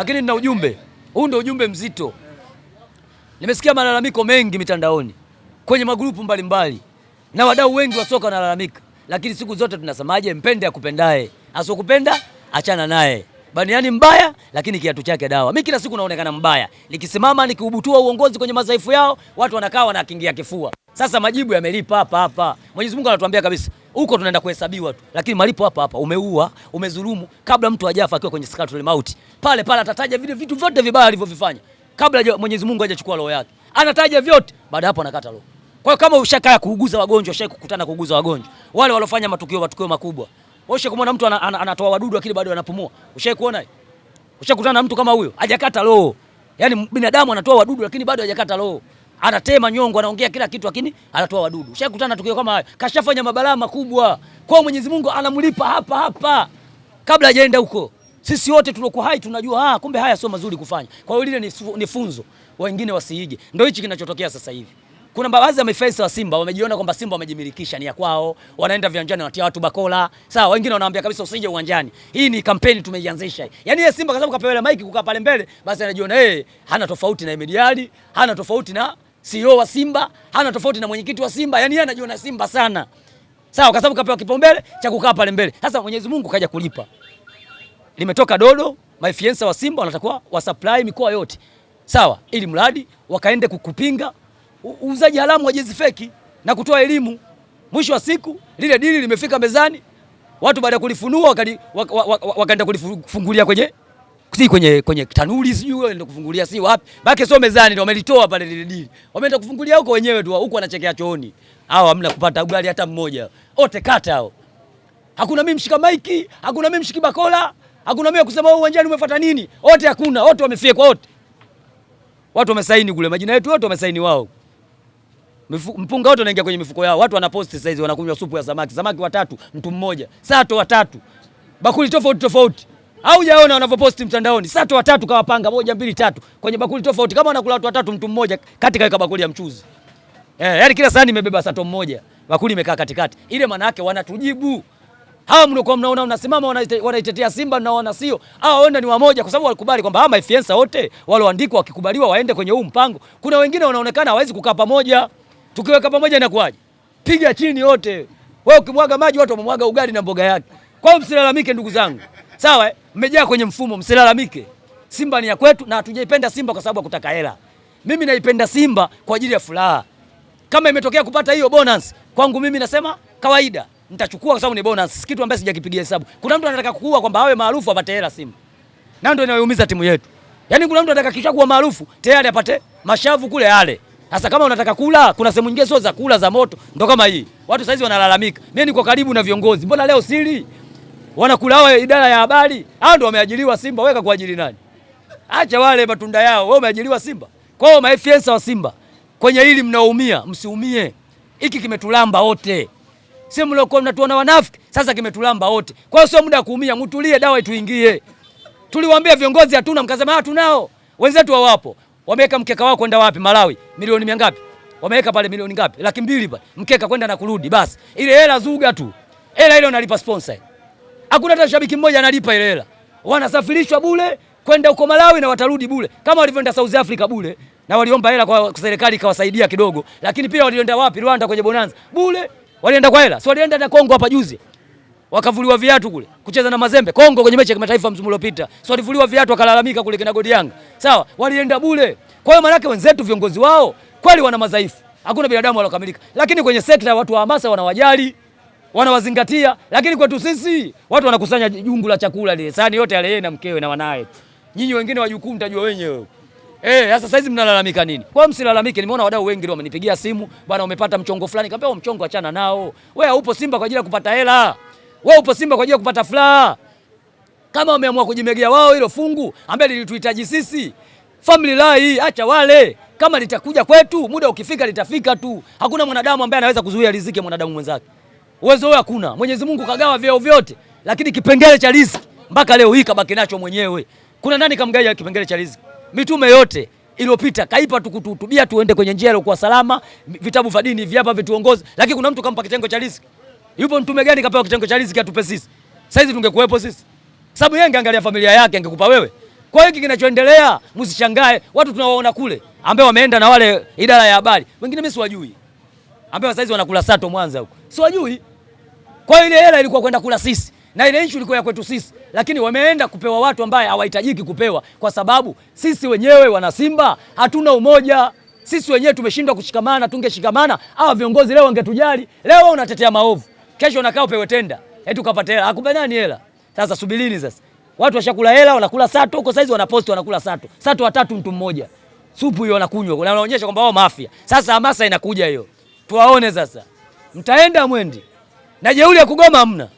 lakini nina ujumbe huu, ndio ujumbe mzito. Nimesikia malalamiko mengi mitandaoni, kwenye magrupu mbalimbali mbali, na wadau wengi wa soka wanalalamika, lakini siku zote tunasemaje? Mpende akupendae asokupenda achana naye. Baniani mbaya lakini kiatu chake dawa. Mimi kila siku naonekana mbaya, nikisimama nikiubutua uongozi kwenye madhaifu yao, watu wanakaa wanakingia kifua. Sasa majibu yamelipa hapa hapa. Mwenyezi Mungu anatuambia kabisa huko tunaenda kuhesabiwa tu, lakini malipo hapa hapa. Umeua, umezulumu, kabla mtu hajafa akiwa kwenye sakaratul mauti, pale pale atataja vile vitu vyote vibaya alivyovifanya kabla Mwenyezi Mungu hajachukua roho yake, anataja vyote, baada hapo anakata roho. Kwa hiyo kama ushakaa kuuguza wagonjwa, ushawahi kukutana kuuguza wagonjwa, wale walofanya matukio matukio makubwa, ushawahi kumwona mtu anatoa ana, ana wadudu lakini bado anapumua? Ushawahi kuona? kutana na mtu kama huyo, hajakata roho? Yani binadamu anatoa wadudu lakini bado hajakata roho anatema nyongo, anaongea kila kitu, lakini anatoa wadudu. Ushakutana tukio kama hayo, kashafanya mabalaa makubwa kwa Mwenyezi Mungu anamlipa hapa hapa kabla hajaenda huko. Sisi wote tuliokuwa hai tunajua ah, kumbe haya sio mazuri kufanya. Kwa hiyo lile ni funzo, wengine wasiige. Ndio hichi kinachotokea sasa hivi. Kuna baadhi ya mafaisa wa Simba wamejiona kwamba Simba wamejimilikisha, ni ya kwao, wanaenda viwanjani wanatia watu bakola. Sawa, wengine wanawaambia kabisa usije uwanjani. Hii ni kampeni tumeianzisha hii. Yaani ya Simba kwa sababu kapewa mike kukaa pale mbele, basi anajiona yeye eh, hana tofauti na Emediali, hana tofauti na CEO wa Simba hana tofauti na mwenyekiti wa Simba, yani yeye anajiona Simba sana, sawa, kwa sababu kapewa kipaumbele cha kukaa pale mbele. Sasa Mwenyezi Mungu kaja kulipa, limetoka dodo, mafiansa wa Simba wa supply mikoa yote, sawa, ili mradi wakaende kukupinga uuzaji haramu wa jezi feki na kutoa elimu. Mwisho wa siku lile dili limefika mezani, watu baada ya kulifunua wakaenda kulifungulia kwenye si kwenye kwenye tanuri sijui wewe ndio kufungulia si wapi. bake sio mezani ndio wamelitoa pale lile dili. Wameenda kufungulia huko wenyewe tu huko wanachekea chooni. Hao hamna kupata ugali hata mmoja. Wote kata hao. Hakuna mimi mshika maiki, hakuna mimi mshiki bakola, hakuna mimi kusema wewe oh, uwanjani umefuata nini? Wote hakuna, wote wamefia kwa wote. Watu wamesaini kule majina yetu wote wamesaini wao. Mpunga wote wanaingia kwenye mifuko yao. Watu wanaposti saizi wanakunywa supu ya samaki. Samaki watatu, mtu mmoja. Sato watatu. Bakuli tofauti tofauti au jaona wanavyoposti mtandaoni. Sasa watu watatu kawapanga moja mbili tatu kwenye bakuli tofauti, kama anakula watu watatu, mtu mmoja kati kaweka bakuli ya mchuzi eh, yani kila sahani imebeba sato mmoja, bakuli imekaa katikati ile. Maana yake wanatujibu hawa mliokuwa mnaona unasimama wanaitetea Simba na wana sio hawa, wenda ni wamoja, kwa sababu walikubali kwamba hawa mafensa wote walioandikwa wakikubaliwa waende kwenye huu mpango. Kuna wengine wanaonekana hawawezi kukaa pamoja, tukiweka pamoja inakuwaje? Piga chini wote, wewe ukimwaga maji watu wamemwaga ugali na mboga yake. Kwa hiyo msilalamike ndugu zangu, sawa eh? mmejaa kwenye mfumo, msilalamike. Simba ni ya kwetu na hatujaipenda Simba kwa sababu ya kutaka hela. Mimi naipenda Simba kwa ajili ya furaha. Kama imetokea kupata hiyo bonus, kwangu mimi nasema kawaida, nitachukua kwa sababu ni bonus, kitu ambacho sijakipigia hesabu. Kuna mtu anataka kukua kwamba awe maarufu apate hela Simba, na ndio inayoumiza timu yetu. Yaani kuna mtu anataka kisha kuwa maarufu tayari apate mashavu kule yale. Sasa kama unataka kula, kuna sehemu nyingine sio za kula za moto, ndo kama hii. Watu saizi wanalalamika. Mimi niko karibu na viongozi, mbona leo siri wanakula hawa, idara ya habari hao ndio wameajiriwa Simba, weka kwa ajili nani? Acha wale matunda yao, wewe umeajiriwa Simba. Kwa hiyo maefiensa wa Simba kwenye hili mnaumia, msiumie. Hiki kimetulamba wote, si mliokuwa mnatuona wanafiki, sasa kimetulamba wote. Kwa hiyo sio muda wa kuumia, mtulie, dawa ituingie. Tuliwaambia viongozi hatuna, mkasema hatunao. Ah, Wenzetu hawapo, wameweka mkeka wao kwenda wapi? Malawi, milioni mia ngapi wameweka pale? Milioni ngapi? laki mbili pale, mkeka kwenda na kurudi. Basi ile hela zuga tu, hela ile unalipa sponsor hakuna hata shabiki mmoja analipa ile hela. Wanasafirishwa bure kwenda huko Malawi na watarudi bure, kama walivyoenda South Africa bure na waliomba hela kwa serikali ikawasaidia kidogo, lakini pia walienda wapi? Rwanda kwenye bonanza bure, walienda kwa hela, si walienda na Kongo hapa juzi wakavuliwa viatu kule kucheza na Mazembe Kongo kwenye mechi ya kimataifa msimu uliopita, so walivuliwa viatu wakalalamika kule kina Godi Yanga, sawa, walienda bure. Kwa hiyo manake wenzetu viongozi wao kweli wana madhaifu, hakuna binadamu walokamilika, lakini kwenye sekta watu wa hamasa wanawajali wanawazingatia, lakini kwetu sisi watu wanakusanya jungu la chakula lile, sahani yote yale, yeye na mkewe na wanaye. Nyinyi wengine wajukuu mtajua wenyewe. Eh, sasa sasa hizi mnalalamika nini? Kwa msilalamike, nimeona wadau wengi leo wamenipigia simu, bwana umepata mchongo fulani. Nikamwambia huo oh, mchongo achana nao. Wewe upo Simba kwa ajili ya kupata hela. Wewe upo Simba kwa ajili ya kupata furaha. Kama wameamua kujimegea wao hilo fungu ambaye lilituhitaji sisi. Family la hii acha wale. Kama litakuja kwetu, muda ukifika litafika tu. Hakuna mwanadamu ambaye anaweza kuzuia riziki ya mwanadamu mwenzake uwezo huo hakuna. Mwenyezi Mungu kagawa vyeo vyote, lakini kipengele cha riziki mpaka leo hii kabaki nacho mwenyewe. Kuna nani kamgaia kipengele cha riziki? Mitume yote iliyopita kaipa tukutuhutubia tuende kwenye njia iliyokuwa salama, vitabu vya dini hivi vituongoze, lakini kuna mtu kampa kitengo cha riziki? Yupo mtume gani kapewa kitengo cha riziki atupe sisi? Saizi tungekuwepo sisi, sababu yeye angeangalia familia yake, angekupa wewe. Kwa hiki kinachoendelea, msishangae watu tunawaona kule ambao wameenda na wale idara ya habari, wengine mimi siwajui, ambao saizi wanakula sato Mwanza huko, siwajui. Kwa hiyo ile hela ilikuwa kwenda kula sisi na ile issue ilikuwa ya kwetu sisi, lakini wameenda kupewa watu ambaye hawahitajiki kupewa, kwa sababu sisi wenyewe wana Simba hatuna umoja. Sisi wenyewe tumeshindwa kushikamana. Tungeshikamana hawa viongozi leo wangetujali. Leo unatetea maovu, kesho unakaa upewe tenda eti yaani ukapata hela. Hakupa nani hela? Sasa subirini sasa, watu washakula hela, wanakula sato huko saizi, wanaposti wanakula sato sato, watatu mtu mmoja, supu hiyo wanakunywa, wanaonyesha kwamba wao mafia. Sasa hamasa inakuja hiyo, tuwaone sasa, mtaenda mwendi na jeuri ya kugoma hamna.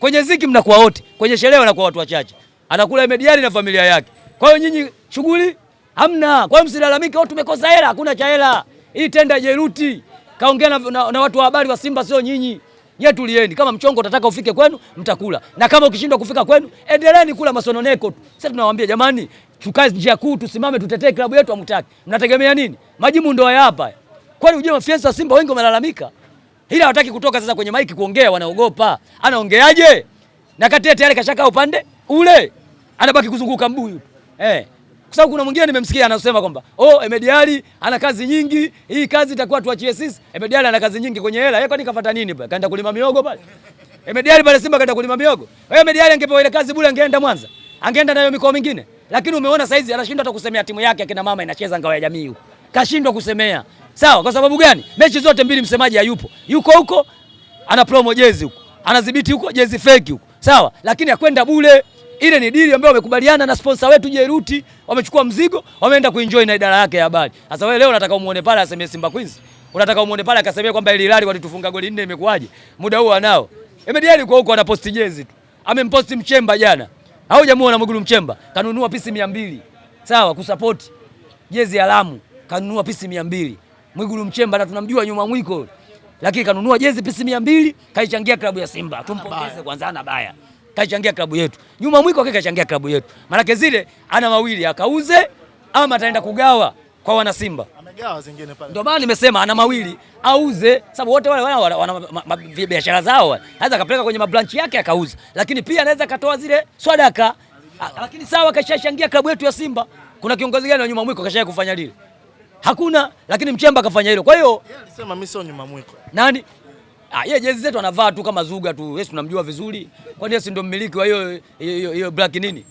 Kwenye ziki mnakuwa wote, kwenye sherehe wanakuwa watu wachache, anakula mediani na familia yake. Kwa hiyo nyinyi shughuli hamna, kwa hiyo msilalamike, oh, tumekosa hela. Hakuna cha hela. Hii tenda Jeruti kaongea na, na, na watu wa habari wa Simba, sio nyinyi Nye tulieni, kama mchongo utataka ufike kwenu mtakula, na kama ukishindwa kufika kwenu endeleeni kula masononeko tu. Sasa tunawaambia jamani, tukae njia kuu, tusimame, tutetee klabu yetu. amtaki mnategemea nini? Majimu ndo haya hapa. Kwani ujue mafiansa wa Simba wengi wamelalamika. Ila hawataki kutoka sasa kwenye maiki kuongea, wanaogopa. Anaongeaje? Na Katete tayari kashaka upande ule. Anabaki kuzunguka mbuyu. Eh. Kwa sababu kuna mwingine nimemsikia anasema kwamba oh, Emediali ana kazi nyingi, hii kazi itakuwa tuachie sisi. Emediali ana kazi nyingi kwenye hela. Yeye kwani kafuata nini bwana? Kaenda kulima miogo pale. Emediali pale Simba kaenda kulima miogo. Wewe Emediali angepewa ile kazi bure angeenda Mwanza. Angeenda nayo mikoa mingine. Lakini umeona saizi anashindwa hata kusemea timu yake akina mama inacheza ngao ya jamii huko. Kashindwa kusemea. Sawa, kwa sababu gani? Mechi zote mbili msemaji hayupo, yuko huko ana promo jezi huko, anadhibiti huko jezi fake huko, sawa, lakini akwenda bule. Ile ni deal ambayo wamekubaliana na sponsor wetu Jeruti, wamechukua mzigo, wameenda kuenjoy na idara yake ya habari. Sasa wewe leo unataka umuone pale aseme Simba Queens, unataka umuone pale akasemea kwamba ile Hilali walitufunga goli nne, imekuwaje? Muda huo anao Emediali kwa huko anaposti jezi tu, amemposti Mchemba jana, haujamuona Mwigulu Mchemba kanunua pisi mia mbili sawa, kusapoti jezi ya Lamu kanunua pisi mia mbili Mwigulu Mchemba na tunamjua nyuma mwiko, lakini kanunua jezi pisi mia mbili kaichangia klabu ya Simba. Ah, Tumpongeze kwanza, ana baya kaichangia klabu yetu. Nyuma mwiko kake kaichangia klabu yetu, maanake zile ana mawili akauze, ama ataenda kugawa kwa wana Simba. Amegawa zingine pale, ndio maana nimesema ana mawili auze, sababu wote wale wana, wana biashara zao, anaweza kapeleka kwenye mabranchi yake akauza, lakini pia anaweza katoa zile swadaka. Lakini sawa, kashachangia klabu yetu ya Simba. Kuna kiongozi gani wa nyuma mwiko kashaye kufanya lile? hakuna, lakini Mchemba akafanya hilo. Kwa hiyo alisema mimi sio nyuma mwiko. Nani? Ah, yeye jezi zetu anavaa tu kama zuga tu. Yesu tunamjua vizuri. Kwa nini si ndio mmiliki wa hiyo hiyo black nini?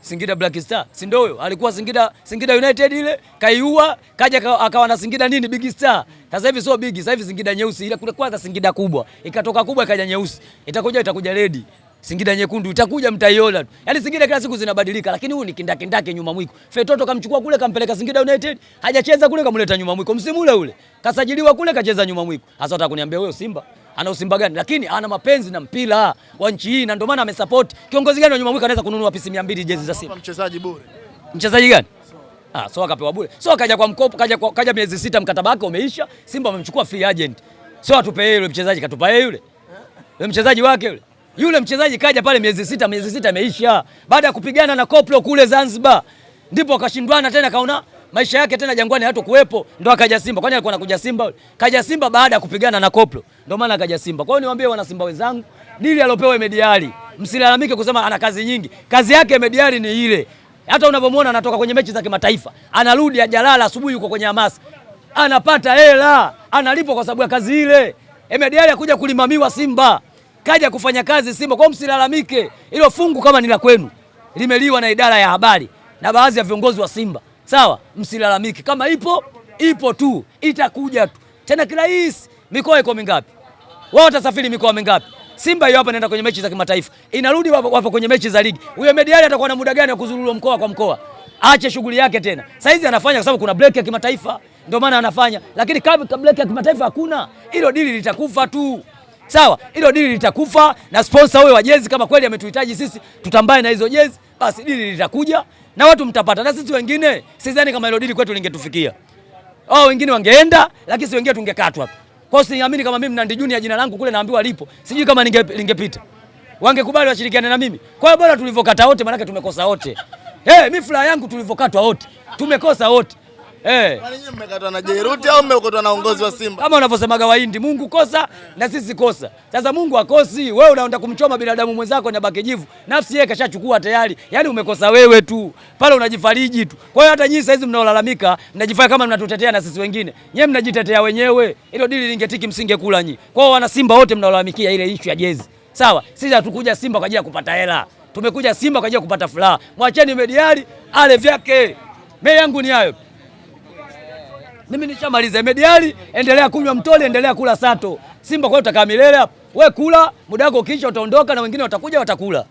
Singida Black Star, si ndio huyo? Alikuwa Singida Singida United ile, kaiua, kaja akawa na Singida nini Big Star. Sasa hivi sio Big, sasa hivi Singida nyeusi ile kule kwanza Singida kubwa. Ikatoka kubwa ikaja nyeusi. Itakuja itakuja redi. Singida nyekundu itakuja mtaiona tu. Yaani Singida kila siku zinabadilika lakini huyu ni kindakindake nyuma mwiko. Fetoto kamchukua kule kampeleka Singida United, hajacheza kule kamleta nyuma mwiko. Msimu ule ule. Kasajiliwa kule kacheza nyuma mwiko. Hasa atakuniambia wewe Simba ana usimba gani? Lakini ana mapenzi na mpira wa nchi hii na ndio maana amesupport. Kiongozi gani wa nyuma mwiko anaweza kununua pisi 200 jezi za Simba? Mchezaji bure. Mchezaji gani? Ah, so akapewa bure. So akaja kwa mkopo, kaja kwa, kaja miezi sita mkataba wake umeisha. Simba amemchukua free agent. So atupe yule mchezaji katupa yule. Yule mchezaji wake yule. Yule mchezaji kaja pale miezi sita, miezi sita imeisha baada ya kupigana na Koplo kule Zanzibar, ndipo akashindwana tena, kaona maisha yake tena Jangwani hata kuwepo, ndo akaja Simba. Kwani alikuwa anakuja Simba? Kaja Simba baada ya kupigana na Koplo, ndo maana akaja Simba. Kwa hiyo niwaambie wana Simba wenzangu, dili alopewa Mediali, msilalamike kusema ana kazi nyingi. Kazi yake Mediali ni ile, hata unavyomwona anatoka kwenye mechi za kimataifa, anarudi ajalala, asubuhi yuko kwenye hamasa, anapata hela, analipwa kwa sababu ya kazi ile. Mediali akuja kulimamiwa Simba kaja kufanya kazi Simba. Kwa msilalamike, hilo fungu kama ni la kwenu limeliwa na idara ya habari na baadhi ya viongozi wa Simba, sawa? Msilalamike, kama ipo ipo tu, itakuja tu tena. Kirahisi, mikoa iko mingapi? Wao watasafiri mikoa mingapi? Simba hiyo hapa inaenda kwenye mechi za kimataifa, inarudi wapo, kwenye mechi za ligi. Huyo mediali atakuwa na muda gani wa kuzurura mkoa kwa mkoa? Aache shughuli yake tena. Saizi anafanya kwa sababu kuna break ya kimataifa, ndio maana anafanya, lakini kabla break ya kimataifa hakuna, hilo dili litakufa tu. Sawa, hilo dili litakufa na sponsor huyo wa jezi, kama kweli ametuhitaji sisi tutambae na hizo jezi, basi dili litakuja na watu mtapata, na sisi wengine sidhani kama hilo dili kwetu lingetufikia. Oh, wengine wangeenda, lakini sisi wengine tungekatwa Kwa hiyo siamini kama mimi Mnandi Junior jina langu kule naambiwa lipo, sijui kama lingepita, wangekubali washirikiane na mimi. Kwa hiyo bora tulivyokata wote, maanake tumekosa wote. Hey, mi furaha yangu tulivyokatwa wote, tumekosa wote. Eh. Kwa mmekatwa na Jairuti au mmekatwa na uongozi wa Simba? Kama unavyosemaga Wahindi, Mungu kosa eh, na sisi kosa. Sasa Mungu akosi, wewe unaenda kumchoma binadamu mwenzako na baki jivu. Nafsi yake kashachukua tayari. Yaani umekosa wewe tu. Pale unajifariji tu. Kwa hiyo hata nyinyi sasa hizi mnaolalamika, mnajifanya kama mnatutetea na sisi wengine. Nyinyi mnajitetea wenyewe. Hilo dili lingetiki msingekula nyinyi. Kwa hiyo wana Simba wote mnaolalamikia ile issue ya jezi. Sawa, sisi hatukuja Simba kwa ajili ya kupata hela. Tumekuja Simba kwa ajili ya kupata furaha. Mwacheni Mediali ale vyake. Mimi yangu ni hayo. Mimi nishamaliza mediali, endelea kunywa mtoli, endelea kula sato. Simba kwa utakaa milele hapa. Wewe kula, muda wako ukiisha utaondoka na wengine watakuja watakula.